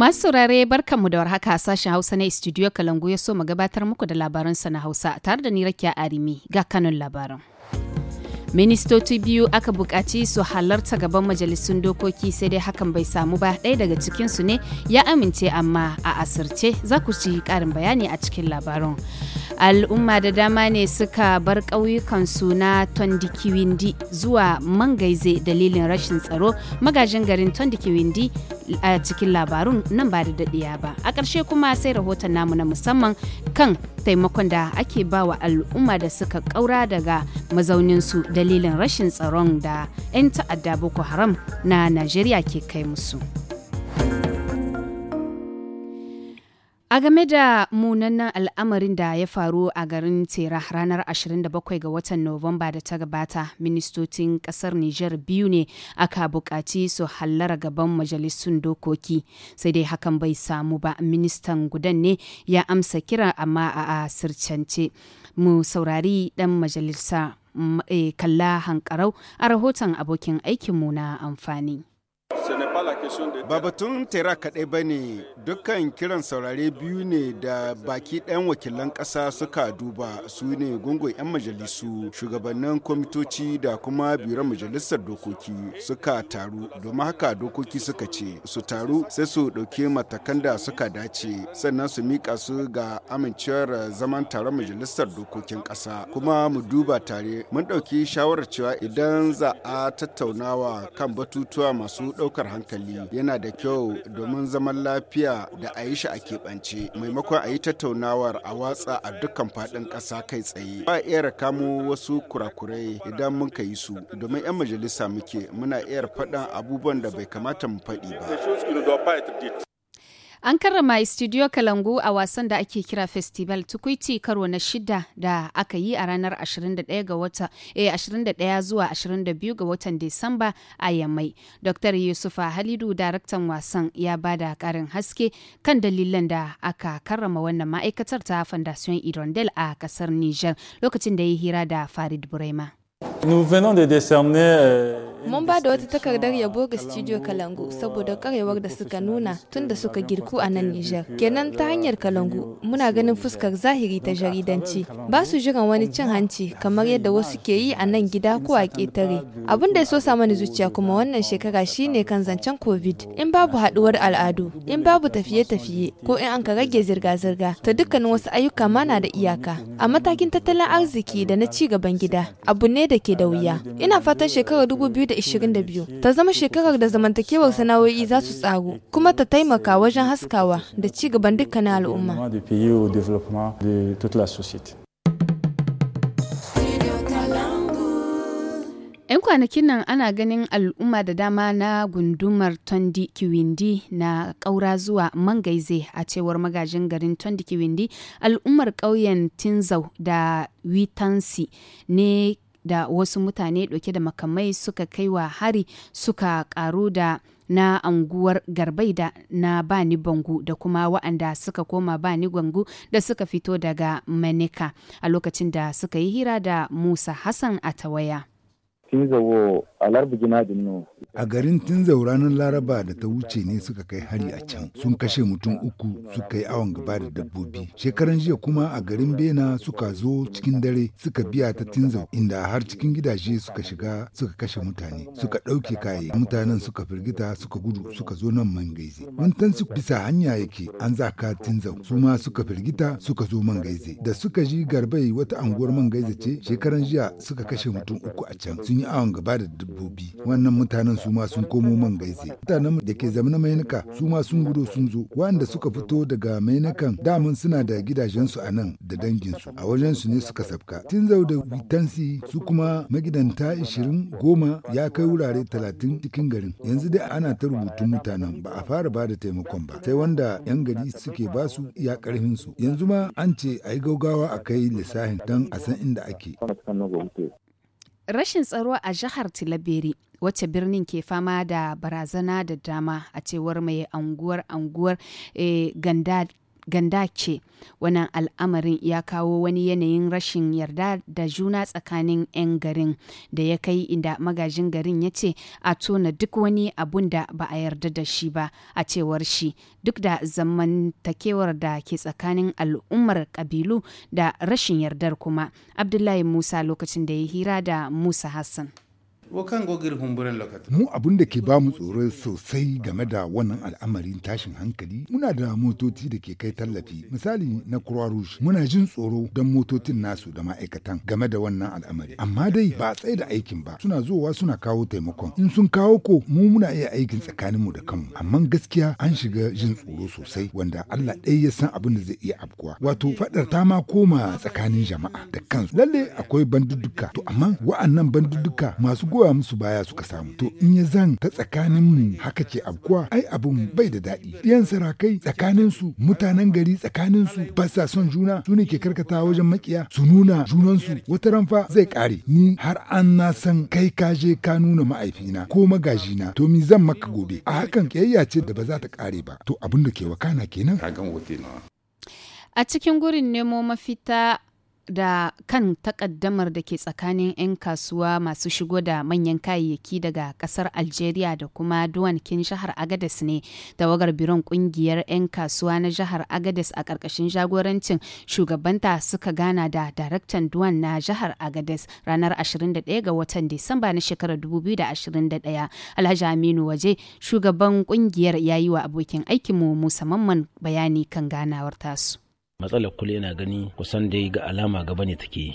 Masu saurare barkanmu da warhaka sashen Hausa na Studio Kalangu ya so mu gabatar muku da sa na Hausa tare da ni Rakiya Arimi ga kanun labaran. Ministoci biyu aka buƙaci su halarta gaban majalisun dokoki sai dai hakan bai samu ba ɗaya daga cikinsu ne ya amince amma a asirce za ku ci ƙarin bayani a cikin labaran. al'umma da dama ne suka bar ƙauyukansu na tondikiwindi zuwa mangaize dalilin rashin tsaro magajin garin tondikiwindi a cikin labarun nan ba da daɗiya ba a ƙarshe kuma sai rahoton namu na musamman kan taimakon da ake ba wa al'umma da suka ƙaura daga mazauninsu dalilin rashin tsaron da 'yan ta'adda boko haram na najeriya ke kai musu. A game da munanan al'amarin da ya faru a garin Tera ranar 27 ga watan Nuwamba da ta gabata, ministocin kasar Nijar biyu ne aka bukaci su hallara gaban majalisun dokoki. Sai dai hakan bai samu ba, ministan gudan ne ya amsa kira amma a asircance. Mu saurari dan majalisa eh, kalla hankarau a rahoton abokin aikinmu na amfani. Ba batun tera kaɗai ba ne dukkan kiran saurare biyu ne da baki ɗayan wakilan ƙasa suka duba su ne gungun 'yan majalisu shugabannin kwamitoci da kuma biro majalisar dokoki suka taru domin haka dokoki suka ce su taru sai su ɗauki matakan da suka dace sannan su miƙa su ga amincewar zaman taron majalisar dokokin ƙasa kuma mu duba tare mun ɗauki shawarar cewa idan za a tattaunawa kan batutuwa masu ɗaukar hankali hankali yana da kyau domin zaman lafiya da a yi shi a keɓance maimakon a yi tattaunawar a watsa a dukkan faɗin ƙasa kai tsaye ba iya kamo wasu kurakurai idan mun ka yi su domin 'yan majalisa muke muna iya faɗan abubuwan da bai kamata mu faɗi ba An karrama Studio Kalangu a wasan da ake kira Festival Tukuiti karo na shida da aka yi a ranar 21 ga wata eh 21 zuwa 22 ga watan Disamba a Yamai. Dr. Yusuf Halidu daraktan wasan ya ba da karin haske kan dalilan da aka karrama wannan ma'aikatar ta Fondation Irondel a kasar Niger lokacin da ya hira da Farid Burema. Mun ba da wata takardar yabo ga Studio Kalangu saboda karewar da suka nuna tun da suka girku a nan Nijar. Kenan ta hanyar Kalangu muna ganin fuskar zahiri ta jaridanci. Ba su jiran wani cin hanci kamar yadda wasu ke yi a nan gida ko a ketare Abin da ya so sa mani zuciya kuma wannan shekara shine kan zancen COVID. In babu haɗuwar al'adu, in babu tafiye-tafiye ko in an ka rage zirga-zirga ta dukkanin wasu ayyuka ma na da iyaka. A matakin tattalin arziki da na ci gaban gida abu ne da ke da wuya. Ina fatan shekarar dubu 2022 ta zama shekarar da zamantakewar sana'o'i za su tsaru kuma ta taimaka wajen haskawa da ci gaban dukkanin al'umma. ‘Yan kwanakin nan ana ganin al'umma da dama na gundumar Tondi Kiwindi na ƙaura zuwa Mangaize a cewar magajin garin Tondi Kiwindi al'ummar ƙauyen Tinzau da Witansi ne da wasu mutane ɗauke da makamai suka kai wa hari suka karu da na anguwar garbai da na bani bangu da kuma wa'anda suka koma bani gwangu da suka fito daga manika a lokacin da suka yi hira da musa hassan a tawaya. Tinzawo a gina dinno. A garin Tinzau ranar Laraba da ta wuce ne suka kai hari a can. Sun kashe mutum uku suka yi awon gaba da dabbobi. Shekaran jiya kuma a garin Bena suka zo cikin dare suka biya ta Tinzau inda har cikin gidaje suka shiga suka kashe mutane. Suka ɗauke kaye mutanen suka firgita suka gudu suka zo nan Mangaize. Wantan su bisa hanya yake an zaka Tinzau su ma suka firgita suka zo Mangaize. Da suka ji garbai wata anguwar Mangaize ce shekaran jiya suka kashe mutum uku a can. Sun yi awon gaba da dabbobi wannan mutanen su ma sun komo man gaize mutanen da ke zama na mainaka su ma sun gudo sun zo wanda suka fito daga mainakan daman suna da gidajensu a nan da dangin su a wajen su ne suka sabka tun zau da witansi su kuma magidanta 20 goma ya kai wurare 30 cikin garin yanzu dai ana ta rubutun mutanen ba a fara ba da taimakon ba sai wanda yan gari suke ba su iya karfin su yanzu ma an ce a yi gaugawa a kai lissahin don a san inda ake Rashin tsaro a jihar Tilaberi wacce birnin ke fama da barazana da dama a cewar mai anguwar anguwar e, eh, ganda ganda ce wannan al'amarin ya kawo wani yanayin rashin yarda da juna tsakanin 'yan garin da ya kai inda magajin garin ya ce a tona duk wani abun da ba a yarda da shi ba a cewar shi duk da zamantakewar da ke tsakanin al'ummar kabilu da rashin yardar kuma abdullahi musa lokacin da ya hira da musa hassan Mu abin da ke ba mu tsoro sosai game da wannan al'amarin tashin hankali muna da motoci da ke kai tallafi misali na Croix Rouge muna jin tsoro don motocin nasu da ma'aikatan game da wannan al'amari amma dai ba a tsaye da aikin ba suna zuwa suna kawo taimakon in sun kawo ko mu muna iya aikin tsakanin mu da kanmu amma gaskiya an shiga jin tsoro sosai wanda Allah ɗaya ya san abin da zai iya afkuwa wato faɗar ta ma koma tsakanin jama'a da kansu lalle akwai bandudduka to amma wa'annan bandudduka masu go goya musu baya suka samu to in ya zan ta tsakanin mu haka ce abkuwa ai abun bai da daɗi ɗiyan sarakai tsakanin su mutanen gari tsakanin su ba sa son juna su ne ke karkata wajen makiya su nuna junansu wata ranfa zai ƙare ni har an na san kai ka je ka nuna ma'aifina ko magajina to mi zan maka gobe a hakan kiyayya ce da ba za ta ƙare ba to abin da ke wakana kenan a cikin gurin nemo mafita da kan takaddamar da ke tsakanin 'yan kasuwa masu shigo da manyan kayayyaki daga kasar algeria da kuma duwankin jihar agades ne tawagar biron kungiyar 'yan kasuwa na jihar agades a ƙarƙashin jagorancin shugabanta suka gana da daraktan duwan na jihar agades ranar 21 ga watan disamba na shekarar 2021 alhaji aminu waje shugaban kungiyar ya yi wa abokin aikinmu musamman bayani kan ganawar tasu. matsalar kula yana gani kusan dai ga alama gaba ne take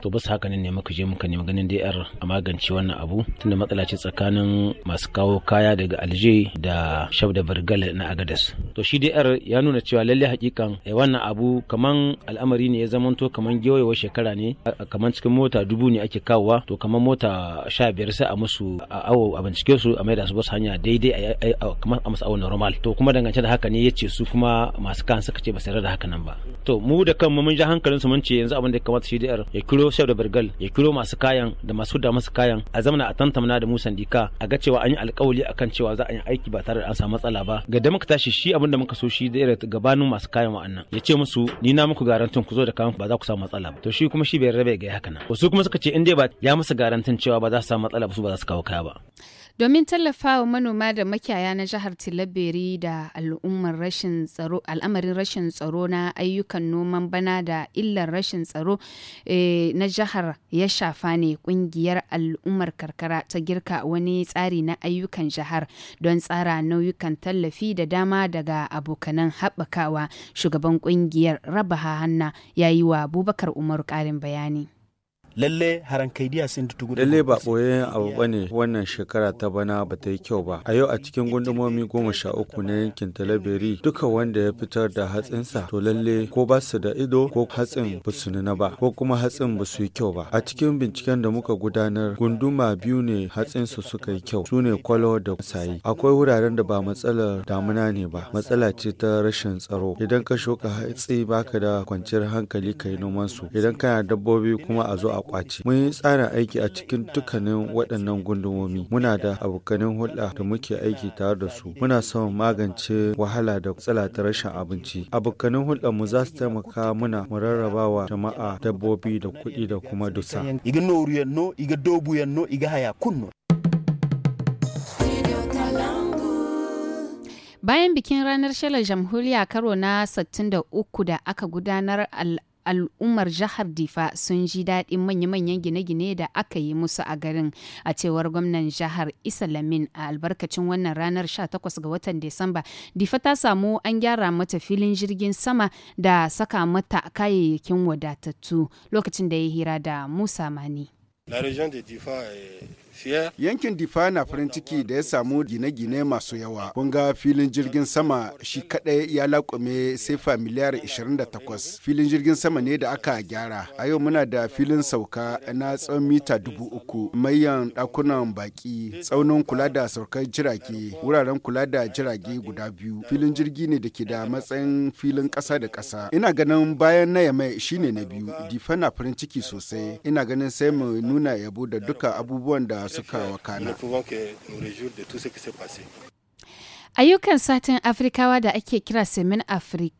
to basu haka ne muka je muka nemi ganin yar a magance wannan abu tunda matsala ce tsakanin masu kawo kaya daga Alje da Shab da Bargal na Agadas to shi DR ya nuna cewa lalle hakikan eh, wannan abu kaman al'amari ne ya zamanto kaman gewayewar shekara ne kaman cikin mota dubu ne ake kawowa to kaman mota sha biyar sai a musu a awo a bincike su a maida su basu hanya daidai a kamar a musu awo normal to kuma dangance da haka ne ya ce su kuma masu kan suka ce ba su da haka nan ba to mu da kanmu mun ja su mun ce yanzu abin da ya kamata shi DR ya kiro kiro da birgal ya kiro masu kayan da masu da masu kayan a zamana a tantamna da mu sandika a ga cewa an yi alkawali akan cewa za a yi aiki ba tare da an samu matsala ba ga da muka tashi shi abin da muka so shi da gabanin masu kayan wa'annan ya ce musu ni na muku garantin ku zo da kayan ba za ku samu matsala ba to shi kuma shi bai rabe ga haka nan wasu kuma suka ce in dai ba ya musu garantin cewa ba za su samu matsala ba su ba za su kawo kaya ba domin tallafawa manoma da makiyaya na jihar tilaberi da al'ummar rashin tsaro al'amarin rashin tsaro na ayyukan noman bana da illar rashin tsaro eh, na jihar ya shafa ne kungiyar al'ummar karkara ta girka wani tsari na ayyukan jihar don tsara nauyukan tallafi da dama daga abokanan haɓakawa shugaban kungiyar rabaha hanna ya yi wa abubakar umaru ƙarin bayani lalle harankai sun tutugu lalle ba boye abu bane wannan shekara ta bana ba ta yi kyau ba a yau a cikin gundumomi goma sha uku na yankin talabiri duka wanda ya fitar da hatsinsa to lalle ko ba su da ido ko hatsin ba su nuna ba ko kuma hatsin ba su yi kyau ba a cikin binciken da muka gudanar gunduma biyu ne hatsin suka yi kyau su ne kwalo da sayi akwai wuraren da ba matsalar damuna ne ba matsala ce ta rashin tsaro idan ka shuka hatsi baka da kwanciyar hankali ka yi noman su idan kana dabbobi kuma a zo a kwace mun yi tsarin aiki a cikin dukkanin waɗannan gundumomi muna da abokanin hulɗa da muke aiki tare da su muna son magance wahala da tsala ta rashin abinci abokanin hulɗa mu za su taimaka muna mu rarrabawa jama'a dabbobi da kuɗi da kuma dusa iga noru yanno iga dobu yanno iga haya kunno Bayan bikin ranar shalar jamhuriya karo na 63 da aka gudanar al'ummar jihar difa sun ji daɗin manya-manyan gine-gine da aka yi musu a garin a cewar gwamnan jihar isa lamin a albarkacin wannan ranar 18 ga watan disamba difa ta samu an gyara mata filin jirgin sama da saka mata kayayyakin wadatattu lokacin da ya hira da musa mani La region de Difa Yankin Difa na farin ciki da ya samu gine-gine masu yawa. Kun filin jirgin sama shi kadai ya laƙume sefa miliyar 28. Filin jirgin sama ne da aka gyara. A yau muna da filin sauka na tsawon mita dubu uku, mayan ɗakunan baƙi, tsaunin kula da saukar jirage, wuraren kula da jirage guda biyu. Filin jirgi ne da ke da matsayin filin ƙasa da ƙasa. Ina ganin bayan na yamai shine na biyu. Difa na farin ciki sosai. Ina ganin sai mu nuna yabo da duka abubuwan da suka wakana. Ayyukan satin Afrikawa da ake kira Semin Afri,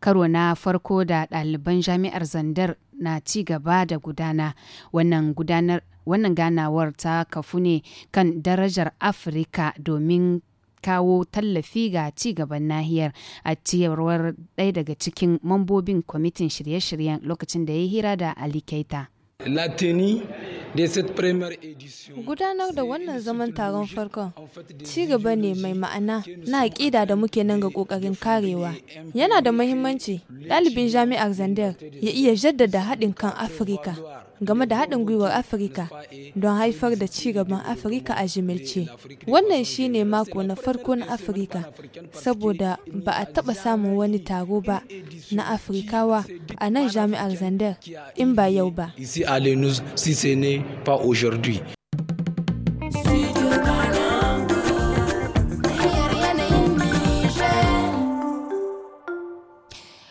karo na farko da ɗaliban jami'ar Zandar na ci da gudana wannan gudanar wannan ganawar ta kafu ne kan darajar Afrika domin kawo tallafi ga ci gaban nahiyar a ciyarwar ɗaya daga cikin mambobin kwamitin shirye-shiryen lokacin da ya hira da Ali Keita. Latini Gudanar da wannan zaman taron farkon ci gaba ne mai ma'ana na aƙida da muke nan ga ƙoƙarin karewa. Yana da muhimmanci ɗalibin jami'ar Zandar ya iya jaddada haɗin kan Afirka game da haɗin gwiwar Afirka don haifar da ci gaban Afirka a jimilce. Wannan shi ne mako na farko na Afirka, saboda ba a taɓa samun wani taro ba na Afirkawa a nan jami'ar Zandar in ba yau ba.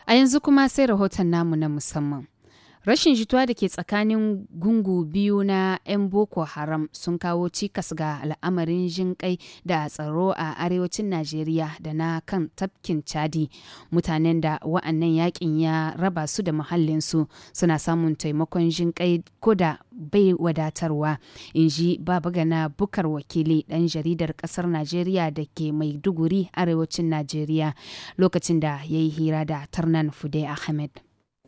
A yanzu kuma sai rahoton namu na musamman. Rashin jituwa da ke tsakanin gungu biyu na 'yan Boko Haram sun kawo cikas ga al'amarin jin kai da tsaro a arewacin Najeriya da na kan tafkin Chadi. Mutanen da wa'annan yakin ya raba su da muhallinsu suna samun taimakon jin kai ko da bai wadatarwa in ji babagana bukar wakili ɗan jaridar ƙasar najeriya da ke mai duguri arewacin najeriya lokacin da ya yi hira da tarnan fude ahmed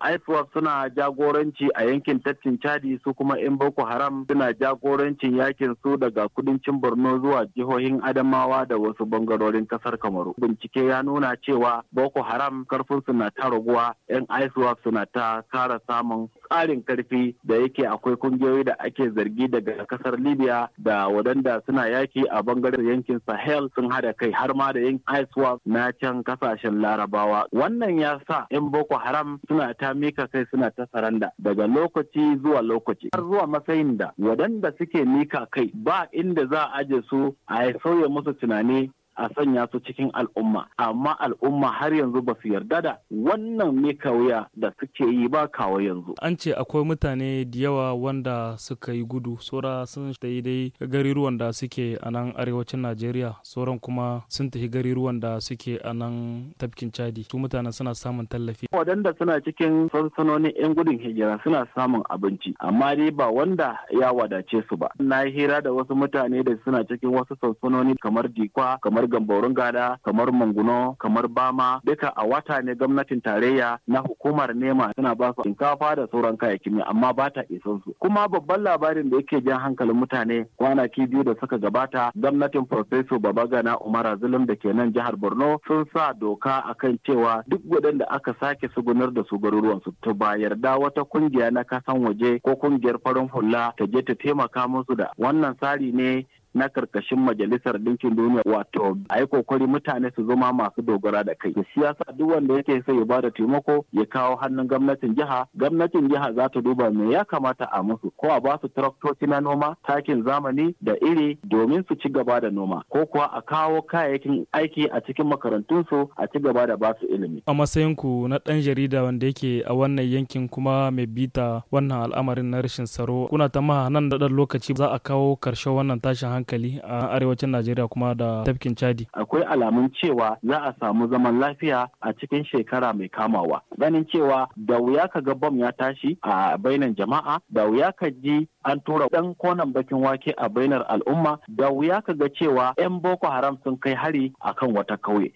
IFOF suna jagoranci a yankin tattin Chadi su kuma 'yan Boko Haram suna jagorancin yakin su daga kudancin Borno zuwa jihohin Adamawa da wasu bangarorin kasar Kamaru. Bincike ya nuna cewa Boko Haram karfin na ta raguwa 'yan IFOF suna ta kara samun tsarin karfi da yake akwai kungiyoyi da ake zargi daga kasar Libya da wadanda suna yaki a bangaren yankin Sahel sun hada kai har ma da yin ISWAP na can kasashen Larabawa. Wannan ya sa 'yan Boko Haram suna ta mika kai suna ta saranda daga lokaci zuwa lokaci har zuwa matsayin da waɗanda suke mika kai ba inda za a aje su a sauya musu tunani a sanya su cikin al'umma amma al'umma har yanzu ba su yarda da wannan ne kawuya da suke yi ba kawo yanzu an ce akwai mutane da yawa wanda suka yi gudu saura sun tafi dai gariruwan da suke a nan arewacin najeriya sauran kuma sun tafi gariruwan da suke a nan tafkin chadi su mutane suna samun tallafi wadanda suna cikin sansanonin yan gudun hijira suna samun abinci amma dai ba wanda ya wadace su ba na hira da wasu mutane da suna cikin wasu sansanoni kamar dikwa kamar kamar gamborun gada kamar manguno kamar bama duka a wata ne gwamnatin tarayya na hukumar nema suna ba su shinkafa da sauran kayayyakin amma ba ta isan su kuma babban labarin da yake jan hankalin mutane kwanaki biyu da suka gabata gwamnatin professor babagana Umar zulum da ke nan jihar borno sun sa doka akan cewa duk waɗanda aka sake sugunar da su garuruwan su ta ba yarda wata kungiya na kasan waje ko kungiyar farin hula ta je ta taimaka musu da wannan tsari ne na karkashin majalisar ɗinkin duniya wato a yi kokari mutane su zama masu dogara da kai da siyasa duk wanda yake so ya bada taimako ya kawo hannun gwamnatin jiha gwamnatin jiha za ta duba me ya kamata a musu ko a ba su traktoci na noma takin zamani da iri domin su ci gaba da noma ko kuwa a kawo kayayyakin aiki a cikin makarantunsu a ci gaba da ba su ilimi a matsayin ku na ɗan jarida wanda yake a wannan yankin kuma mai bita wannan al'amarin na rashin tsaro kuna ta nan da ɗan lokaci za a kawo ƙarshen wannan tashin hankali hankali a arewacin Najeriya kuma da tafkin Chadi. Akwai alamun cewa za a samu zaman lafiya a cikin shekara mai kamawa. Ganin cewa da wuya ka ga bom ya tashi a bainar jama'a, da wuya ka ji an tura dan konan bakin wake a bainar al'umma, da wuya ka ga cewa 'yan Boko Haram sun kai hari akan wata kauye.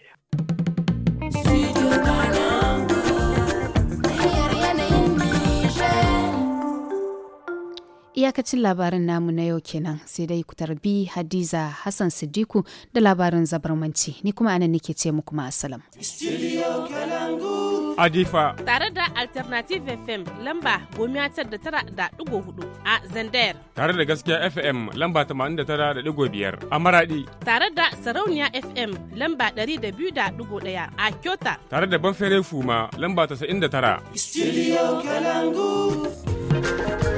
Iyakacin labarin namu na yau kenan sai dai ku tarbi Hadiza Hassan Siddiku da labarin zabarmanci ni kuma anan nake ce muku ma'asalam. Studio Kalangu. Adifa. Tare da Alternative FM lamba gomiya tar da tara da ɗigo hudu a Zandayar. Tare da gaskiya FM lamba tamanin da tara da ɗigo biyar a Maradi. Tare da Sarauniya FM lamba ɗari da biyu da ɗigo ɗaya a Kyota. Tare da Banfere Fuma lamba tasa'in da tara. Studio Kalangu.